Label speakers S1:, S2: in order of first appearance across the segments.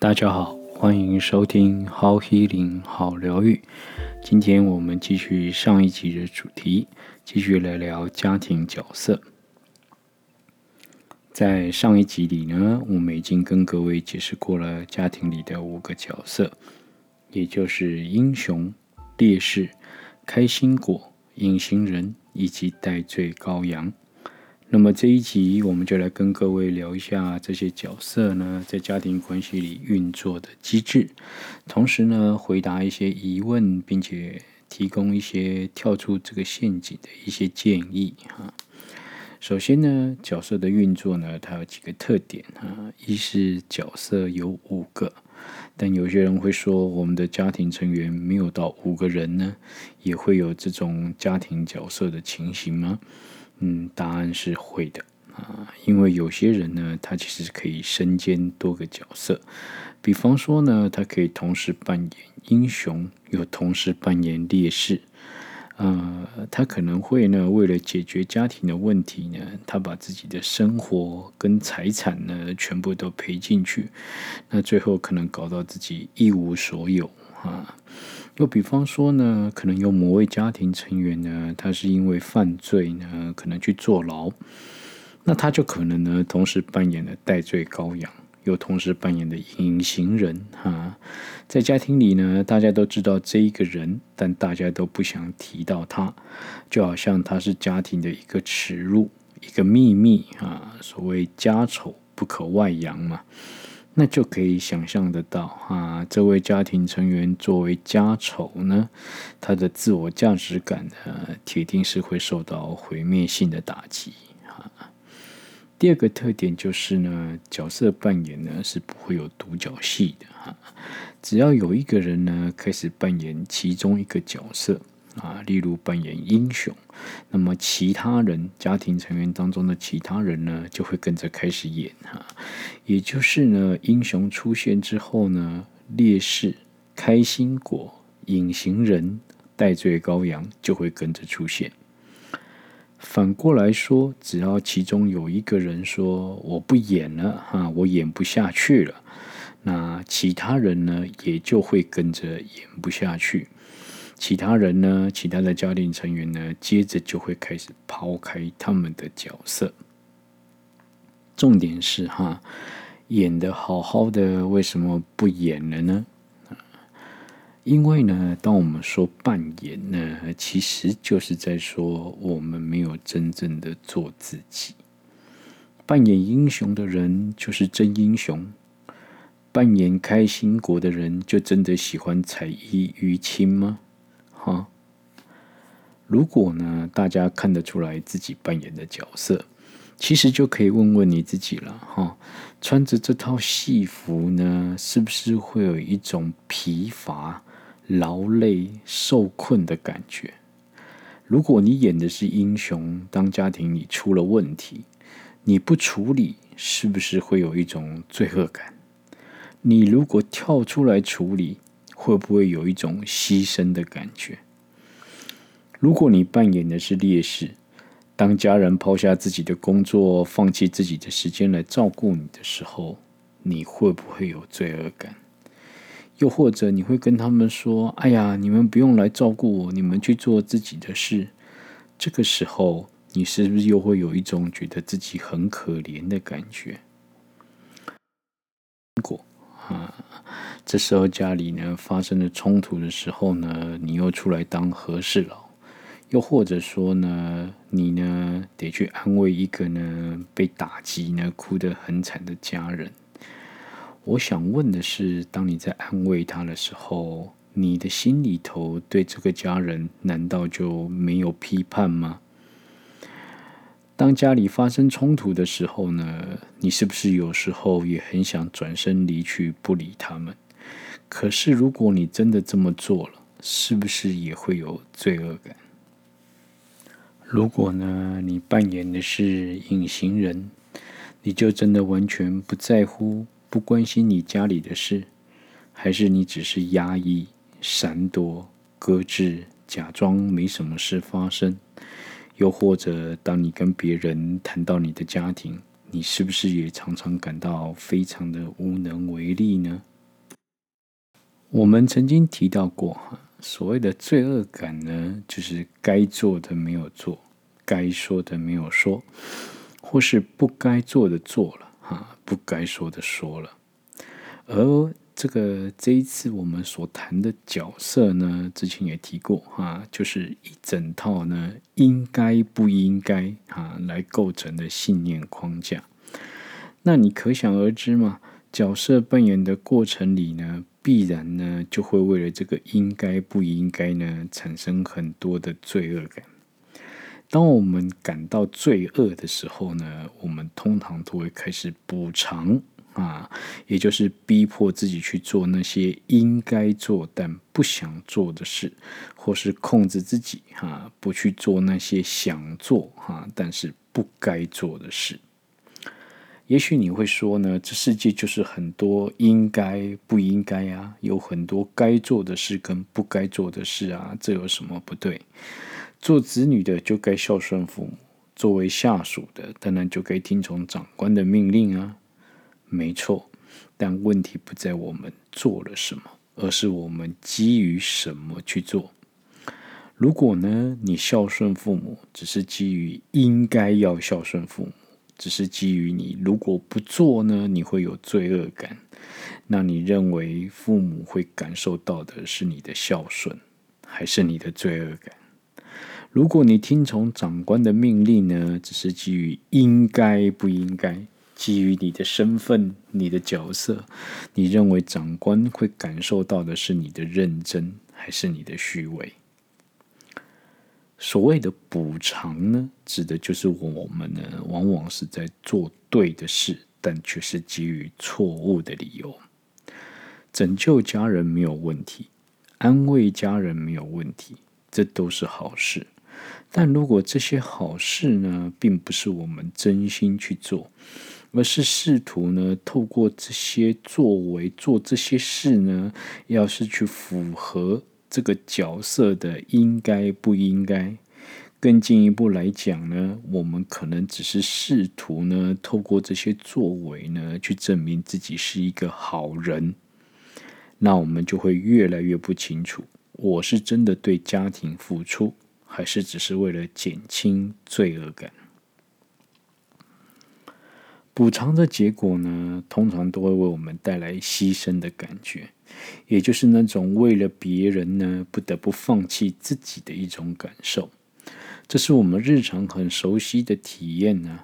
S1: 大家好，歡迎收聽《好 healing 好療癒》。今天我們繼續上一集的主題，繼續來聊家庭角色。在上一集裡呢，我們已經跟各位解釋過了家庭裡的五個角色，也就是英雄、烈士、開心果、隱形人以及戴罪羔羊。那麼這一集我們就來跟各位聊一下這些角色呢在家庭關係裡運作的機制，同時呢回答一些疑問，並且提供一些跳出這個陷阱的一些建議哈，首先呢，角色的運作呢，它有幾個特點哈，一是角色有五個，但有些人會說我們的家庭成員沒有到五個人呢，也會有這種家庭角色的情形嗎？嗯，答案是會的啊，因為有些人呢，他其實可以身兼多個角色，比方說呢，他可以同時扮演英雄，又同時扮演烈士，呃，他可能會呢為了解決家庭的問題呢，他把自己的生活跟財產呢全部都賠進去，那最後可能搞到自己一無所有啊。又比方說呢，可能有某位家庭成員呢，他是因為犯罪呢，可能去坐牢，那他就可能呢，同時扮演了代罪羔羊，又同時扮演的隱形人哈。在家庭裡呢，大家都知道這一個人，但大家都不想提到他，就好像他是家庭的一個恥辱，一個秘密啊，所謂家醜不可外揚嘛。那就可以想象得到啊，這位家庭成員作為家醜呢，他的自我價值感呢，鐵定是會受到毀滅性的打擊啊。第二個特點就是呢，角色扮演呢是不會有獨角戲的哈、啊，只要有一個人呢開始扮演其中一個角色。啊，例如扮演英雄，那麼其他人家庭成員當中的其他人呢，就會跟着開始演哈。也就是呢，英雄出現之後呢，烈士、開心果、隱形人、代罪羔羊就會跟着出現。反過來說，只要其中有一個人說我不演了哈，我演不下去了，那其他人呢也就會跟着演不下去。其他人呢，其他的家庭成員呢，接着就會開始拋開他們的角色。重點是哈，演得好好的，為什麼不演了呢？因為呢，當我們說扮演呢，其實就是在說我們沒有真正的做自己。扮演英雄的人就是真英雄，扮演開心果的人就真的喜歡彩衣娛親嗎？哈。如果呢，大家看得出來自己扮演的角色，其實就可以問問你自己了。哈，穿着這套戲服呢，是不是會有一種疲乏、勞累、受困的感覺？如果你演的是英雄，當家庭裡出了問題，你不處理，是不是會有一種罪惡感？你如果跳出來處理，會不會有一種犧牲的感覺？如果你扮演的是烈士，當家人拋下自己的工作，放棄自己的時間來照顧你的時候，你會不會有罪惡感？又或者你會跟他們說：“哎呀，你們不用來照顧我，你們去做自己的事。”這個時候，你是不是又會有一種覺得自己很可憐的感覺？啊，這時候家裡呢，發生了衝突的時候呢，你又出來當和事佬，又或者說呢，你呢，得去安慰一個呢，被打擊呢，哭得很慘的家人。我想問的是，當你在安慰他的時候，你的心裡頭對這個家人難道就沒有批判嗎？當家裡發生衝突的時候呢，你是不是有時候也很想轉身離去，不理他們？可是如果你真的這麼做了，是不是也會有罪惡感？如果呢，你扮演的是隱形人，你就真的完全不在乎、不關心你家裡的事，還是你只是壓抑、閃躲、擱置，假裝沒什麼事發生？又或者，當你跟別人談到你的家庭，你是不是也常常感到非常的無能為力呢？我們曾經提到過，哈，所謂的罪惡感呢，就是該做的沒有做，該說的沒有說，或是不該做的做了，哈，不該說的說了，而。這個這一次我們所談的角色呢，之前也提過哈，就是一整套呢應該不應該啊來構成的信念框架。那你可想而知嘛，角色扮演的過程裡呢，必然呢就會為了這個應該不應該呢產生很多的罪惡感。當我們感到罪惡的時候呢，我們通常都會開始補償。啊，也就是逼迫自己去做那些應該做但不想做的事，或是控制自己哈、啊，不去做那些想做哈、啊，但是不該做的事。也許你會說呢，這世界就是很多應該不應該啊，有很多該做的事跟不該做的事啊，這有什麼不對？做子女的就該孝順父母，作為下屬的當然就該聽從長官的命令啊。沒錯，但問題不在我們做了什麼，而是我們基於什麼去做。如果呢，你孝順父母只是基於應該要孝順父母，只是基於你如果不做呢，你會有罪惡感。那你認為父母會感受到的是你的孝順，還是你的罪惡感？如果你聽從長官的命令呢，只是基於應該不應該。基於你的身份、你的角色，你認為長官會感受到的是你的認真，還是你的虛偽？所謂的補償呢，指的就是我們呢，往往是在做對的事，但却是基於錯誤的理由。拯救家人沒有問題，安慰家人沒有問題，這都是好事。但如果這些好事呢，並不是我們真心去做。而是試圖呢，透過這些作為做這些事呢，要是去符合這個角色的應該不應該？更進一步來講呢，我們可能只是試圖呢，透過這些作為呢，去證明自己是一個好人。那我們就會越來越不清楚，我是真的對家庭付出，還是只是為了減輕罪惡感？補償的結果呢，通常都會為我們帶來犧牲的感覺，也就是那種為了別人呢，不得不放棄自己的一種感受。這是我們日常很熟悉的體驗呢，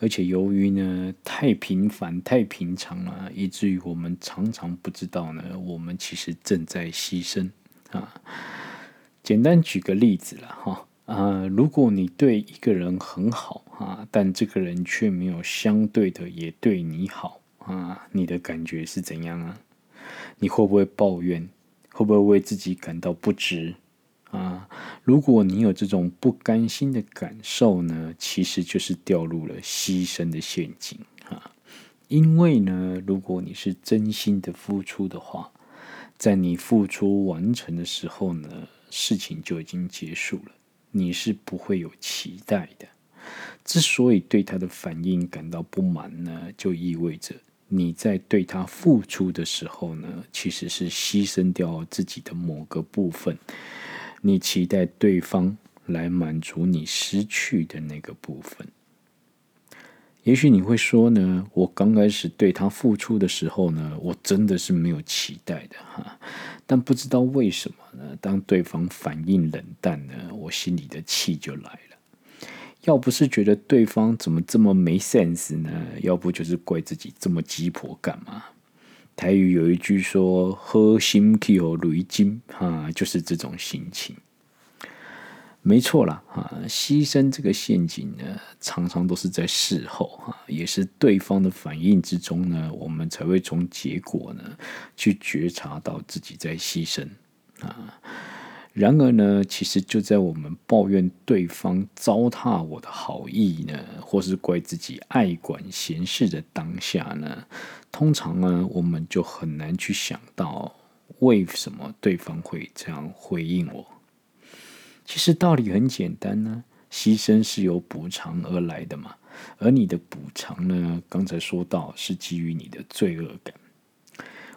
S1: 而且由於呢太平凡，太平常了，以至於我們常常不知道呢，我們其實正在犧牲啊。簡單舉個例子了哈。啊、呃，如果你對一個人很好啊，但這個人卻沒有相對的也對你好啊，你的感覺是怎樣啊？你會不會抱怨？會不會為自己感到不值啊？如果你有這種不甘心的感受呢，其實就是掉入了犧牲的陷阱啊。因為呢，如果你是真心的付出的話，在你付出完成的時候呢，事情就已經結束了。你是不會有期待的。之所以對他的反應感到不滿呢，就意味着你在對他付出的時候呢，其實是犧牲掉自己的某個部分，你期待對方來滿足你失去的那個部分。也許你會說呢，我剛開始對他付出的時候呢，我真的是沒有期待的哈。但不知道為什麼呢，當對方反應冷淡呢，我心裡的氣就來了。要不是覺得對方怎麼這麼沒 sense 呢，要不就是怪自己這麼雞婆幹嘛？台語有一句說“好心予雷唚”，哈，就是這種心情。沒錯啦，啊！犧牲這個陷阱呢，常常都是在事後哈，啊，也是對方的反應之中呢，我們才會從結果呢去覺察到自己在犧牲啊。然而呢，其實就在我們抱怨對方糟蹋我的好意呢，或是怪自己愛管閒事的當下呢，通常呢，我們就很難去想到為什麼對方會這樣回應我。其實道理很簡單呢啊，犧牲是由補償而來的嘛。而你的補償呢，剛才說到是基於你的罪惡感。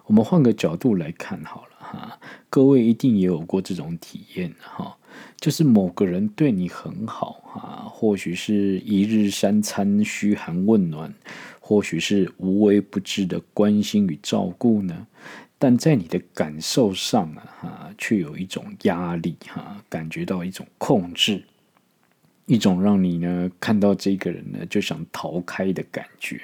S1: 我們換個角度來看好了哈，各位一定也有過這種體驗哈，就是某個人對你很好哈，或許是一日三餐噓寒問暖，或許是無微不至的關心與照顧呢。但在你的感受上啊，哈、啊，卻有一種壓力，哈、啊，感覺到一種控制，一種讓你呢看到這個人呢就想逃開的感覺。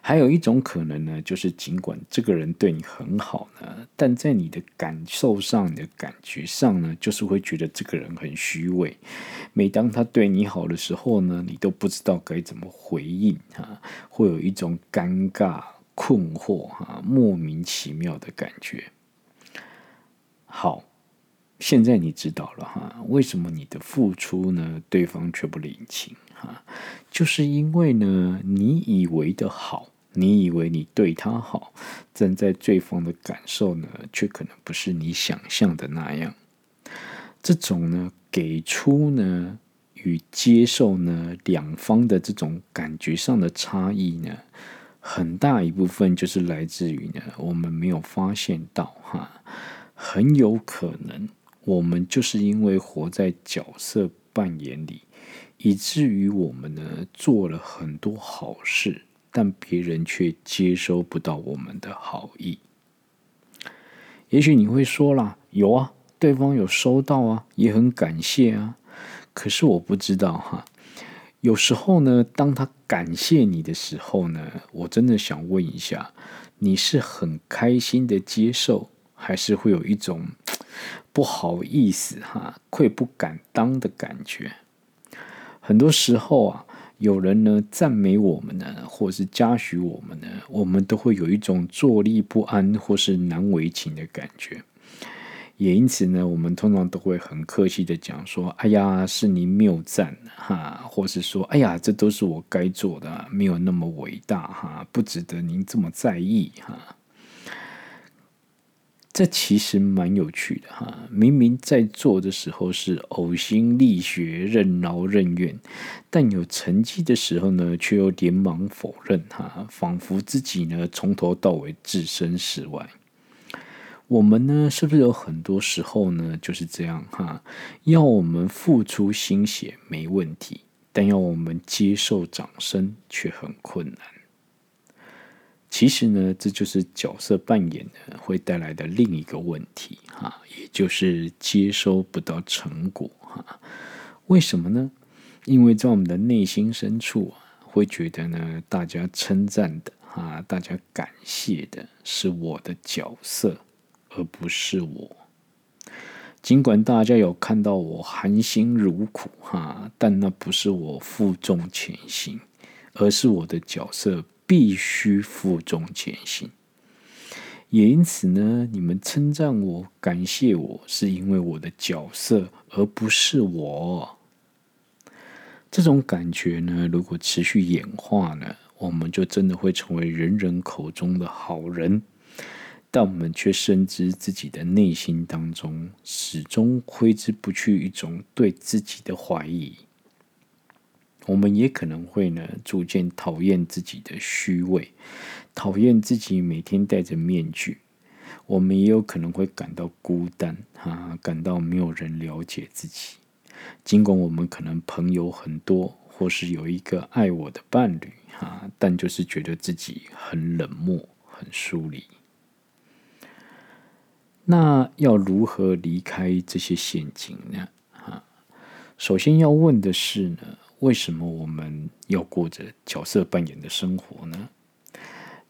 S1: 還有一種可能呢，就是儘管這個人對你很好呢，但在你的感受上、你的感覺上呢，就是會覺得這個人很虛偽。每當他對你好的時候呢，你都不知道該怎麼回應，哈、啊，會有一種尷尬。困惑，哈、啊，莫名其妙的感覺。好，現在你知道了哈、啊，為什麼你的付出呢，對方卻不領情哈、啊？就是因為呢，你以為的好，你以為你對他好，站在對方的感受，呢，卻可能不是你想象的那樣。這種呢，給出呢與接受呢，兩方的這種感覺上的差異呢。很大一部分就是來自於呢，我們沒有發現到哈，很有可能我們就是因為活在角色扮演裡，以至於我們呢做了很多好事，但別人卻接收不到我們的好意。也許你會說啦，有啊，對方有收到啊，也很感謝啊，可是我不知道哈。有時候呢，當他感謝你的時候呢，我真的想問一下，你是很開心的接受，還是會有一種不好意思哈、愧不敢當的感覺？很多時候啊，有人呢讚美我們呢，或是嘉許我們呢，我們都會有一種坐立不安或是難為情的感覺。也因此呢，我們通常都會很客氣的講說：“哎呀，是您謬讚哈，或是說：哎呀，這都是我該做的，沒有那麼偉大哈，不值得您這麼在意哈。”這其實蠻有趣的哈，明明在做的時候是嘔心瀝血、任勞任怨，但有成績的時候呢，卻又連忙否認哈，仿佛自己呢從頭到尾置身事外。我們呢，是不是有很多時候呢，就是這樣哈？要我們付出心血沒問題，但要我們接受掌聲卻很困難。其實呢，這就是角色扮演的會帶來的另一個問題哈，也就是接收不到成果哈。為什麼呢？因為在我們的內心深處啊，會覺得呢，大家稱讚的哈，大家感謝的是我的角色。而不是我。儘管大家有看到我含辛茹苦哈，但那不是我負重前行，而是我的角色必須負重前行。也因此呢，你們稱讚我、感謝我是因為我的角色，而不是我。這種感覺呢，如果持續演化呢，我們就真的會成為人人口中的好人。但我們卻深知自己的內心當中始終揮之不去一種對自己的懷疑。我們也可能會呢，逐漸討厭自己的虛偽，討厭自己每天戴着面具。我們也有可能會感到孤單，啊，感到沒有人了解自己。儘管我們可能朋友很多，或是有一個愛我的伴侶，啊，但就是覺得自己很冷漠，很疏離。那要如何離開這些陷阱呢？哈，首先要問的是呢，為什麼我們要過着角色扮演的生活呢？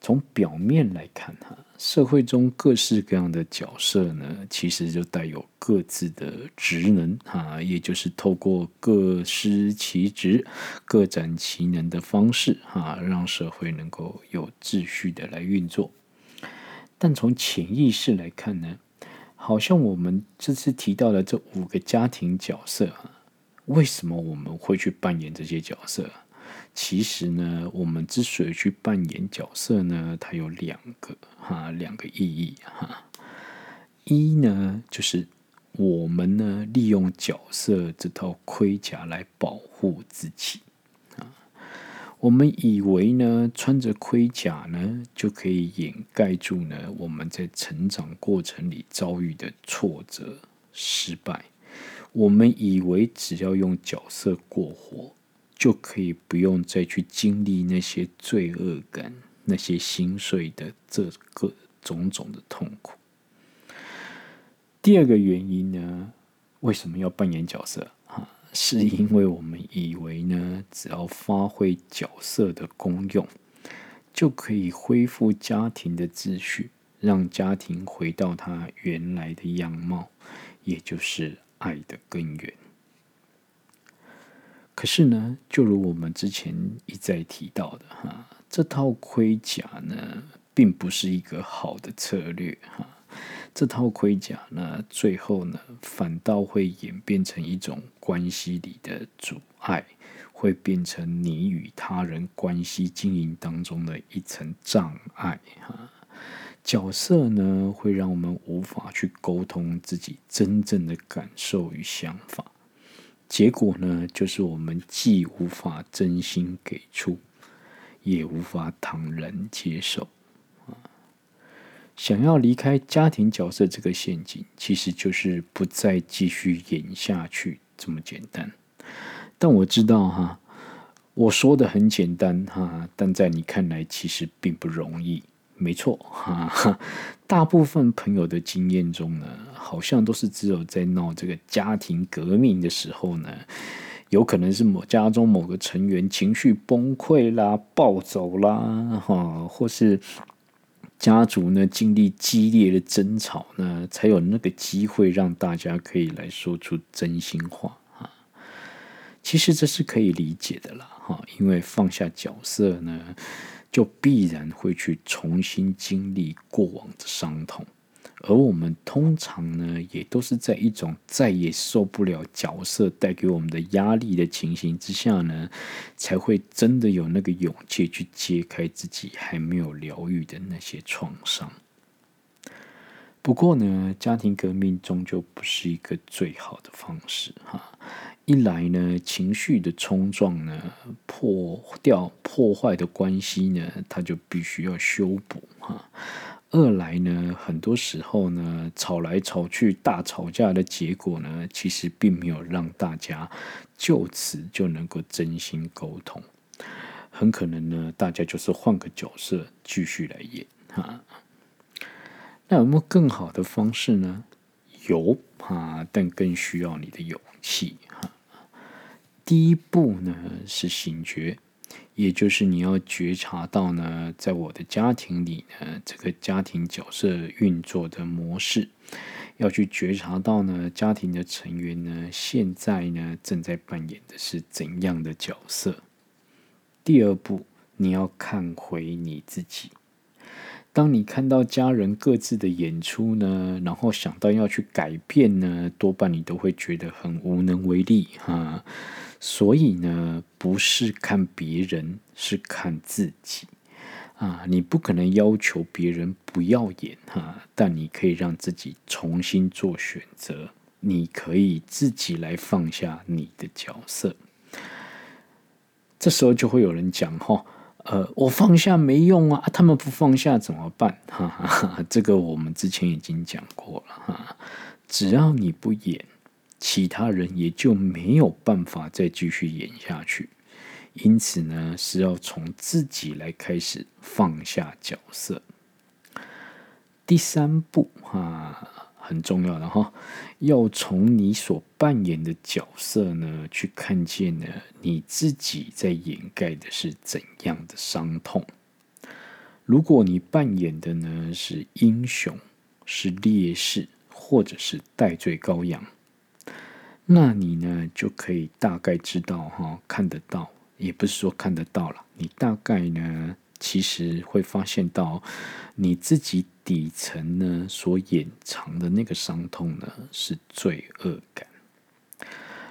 S1: 從表面來看，哈，社會中各式各樣的角色呢，其實就帶有各自的職能，哈，也就是透過各司其職、各展其能的方式，哈，讓社會能夠有秩序的來運作。但從潛意識來看呢，好像我們這次提到的這五個家庭角色啊，為什麼我們會去扮演這些角色？其實呢，我們之所以去扮演角色呢，它有兩個哈，兩個意義哈。一呢，就是我們呢利用角色這套盔甲來保護自己啊。我們以為呢，穿着盔甲呢，就可以掩蓋住呢我們在成長過程裡遭遇的挫折、失敗。我們以為只要用角色過活，就可以不用再去經歷那些罪惡感、那些心碎的這個種種的痛苦。第二個原因呢，為什麼要扮演角色？哈？是因為我們以為呢，只要發揮角色的功用，就可以恢復家庭的秩序，讓家庭回到它原來的樣貌，也就是愛的根源。可是呢，就如我們之前一再提到的哈，這套盔甲呢，並不是一個好的策略哈。這套盔甲呢，最後呢，反倒會演變成一種關係裡的阻礙，會變成你與他人關係經營當中的一層障礙。哈，角色呢，會讓我們無法去溝通自己真正的感受與想法，結果呢，就是我們既無法真心給出，也無法坦然接受。想要離開家庭角色這個陷阱，其實就是不再繼續演下去這麼簡單。但我知道哈，我說的很簡單哈，但在你看來其實並不容易。沒錯哈，大部分朋友的經驗中呢，好像都是只有在鬧這個家庭革命的時候呢，有可能是某家中某個成員情緒崩潰啦、暴走啦哈，或是。家族呢，經歷激烈的爭吵呢，才有那個機會讓大家可以來說出真心話啊。其實這是可以理解的啦，哈，因為放下角色呢，就必然會去重新經歷過往的傷痛。而我們通常呢，也都是在一種再也受不了角色帶給我們的壓力的情形之下呢，才會真的有那個勇氣去揭開自己還沒有療癒的那些創傷。不過呢，家庭革命終究不是一個最好的方式哈。一來呢，情緒的衝撞呢，破掉，破壞的關係呢，它就必須要修補哈。二來呢，很多時候呢，吵來吵去，大吵架的結果呢，其實並沒有讓大家就此就能夠真心溝通，很可能呢，大家就是換個角色繼續來演哈。那有沒有更好的方式呢？有哈，但更需要你的勇氣哈。第一步呢，是醒覺。也就是你要覺察到呢，在我的家庭裡呢，這個家庭角色運作的模式，要去覺察到呢，家庭的成員呢，現在呢正在扮演的是怎樣的角色。第二步，你要看回你自己。當你看到家人各自的演出呢，然後想到要去改變呢，多半你都會覺得很無能為力哈。所以呢，不是看別人，是看自己啊！你不可能要求別人不要演哈，啊，但你可以讓自己重新做選擇，你可以自己來放下你的角色。這時候就會有人講哈，哦，呃，我放下沒用啊，他們不放下怎麼辦？啊，這個我們之前已經講過了哈，啊，只要你不演。其他人也就沒有辦法再繼續演下去，因此呢，是要從自己來開始放下角色。第三步哈，啊，很重要的哈，要從你所扮演的角色呢，去看見呢，你自己在掩蓋的是怎樣的傷痛。如果你扮演的呢是英雄、是烈士，或者是戴罪羔羊。那你呢就可以大概知道哈，看得到也不是說看得到啦。你大概呢其實會發現到你自己底層呢所掩藏的那個傷痛呢是罪惡感。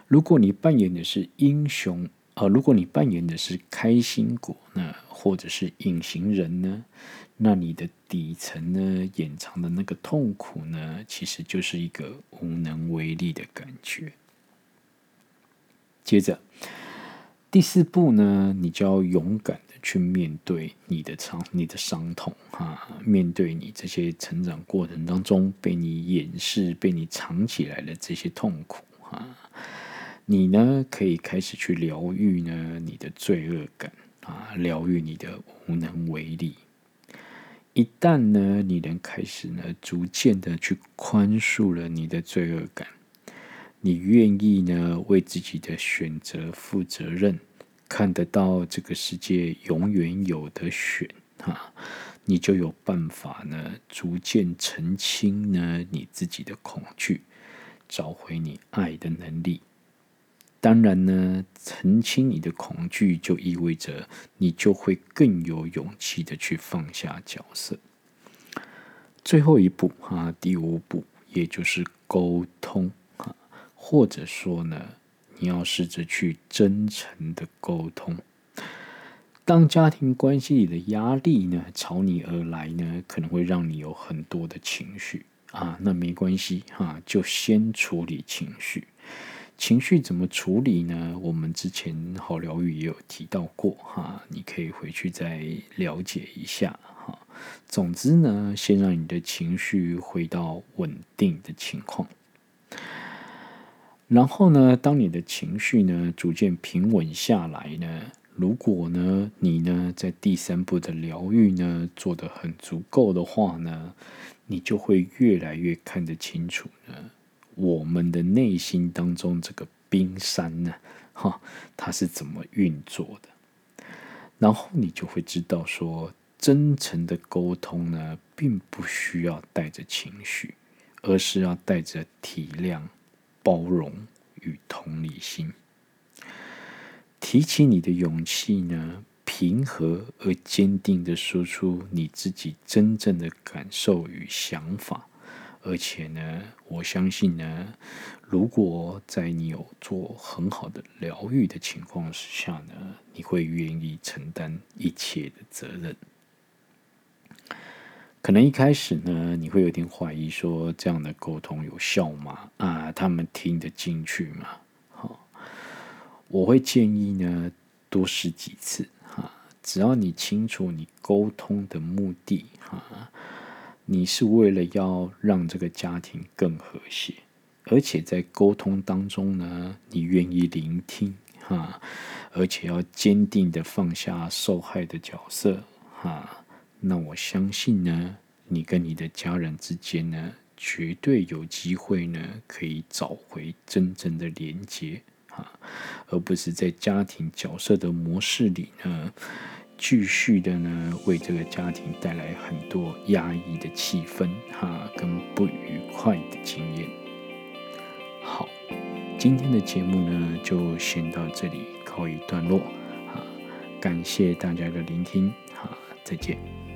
S1: 如果你扮演的是英雄呃，如果你扮演的是開心果那或者是隱形人呢，那你的底層呢掩藏的那個痛苦呢，其實就是一個無能為力的感覺。接着，第四步呢，你就要勇敢的去面對你的傷、你的傷痛，哈、啊，面對你這些成長過程當中被你掩飾、被你藏起來的這些痛苦，哈、啊，你呢可以開始去療癒呢你的罪惡感，啊，療癒你的無能為力。一旦呢，你能開始呢，逐漸的去寬恕了你的罪惡感。你願意呢，為自己的選擇負責任，看得到這個世界永遠有得選，哈、啊，你就有辦法呢，逐漸澄清呢你自己的恐懼，找回你愛的能力。當然呢，澄清你的恐懼，就意味着你就會更有勇氣地去放下角色。最後一步哈、啊，第五步，也就是溝通。或者說呢，你要試着去真誠的溝通。當家庭關係裡的壓力呢，朝你而來呢，可能會讓你有很多的情緒啊，那沒關係哈，就先處理情緒。情緒怎麼處理呢？我們之前好療癒也有提到過哈，你可以回去再了解一下哈。總之呢，先讓你的情緒回到穩定的情況。然後呢，當你的情緒呢逐漸平穩下來呢，如果呢你呢在第三步的療癒呢做得很足夠的話呢，你就會越來越看得清楚呢，我們的內心當中這個冰山呢，哈，它是怎麼運作的。然後你就會知道說，真誠的溝通呢，並不需要帶着情緒，而是要帶着體諒，包容與同理心，提起你的勇氣呢，平和而堅定的說出你自己真正的感受與想法，而且呢，我相信呢，如果在你有做很好的療癒的情況之下呢，你會願意承擔一切的責任。可能一開始呢，你會有點懷疑，說這樣的溝通有效嗎？啊，他們聽得進去嗎？好，我會建議呢，多試幾次哈，只要你清楚你溝通的目的哈，你是為了要讓這個家庭更和諧，而且在溝通當中呢，你願意聆聽哈，而且要堅定的放下受害的角色哈。那我相信呢，你跟你的家人之間呢，絕對有機會呢，可以找回真正的連接啊，而不是在家庭角色的模式裡呢，繼續的呢，為這個家庭帶來很多壓抑的氣氛啊，跟不愉快的經驗。好，今天的節目呢，就先到這裡告一段落啊，感謝大家的聆聽啊，再見。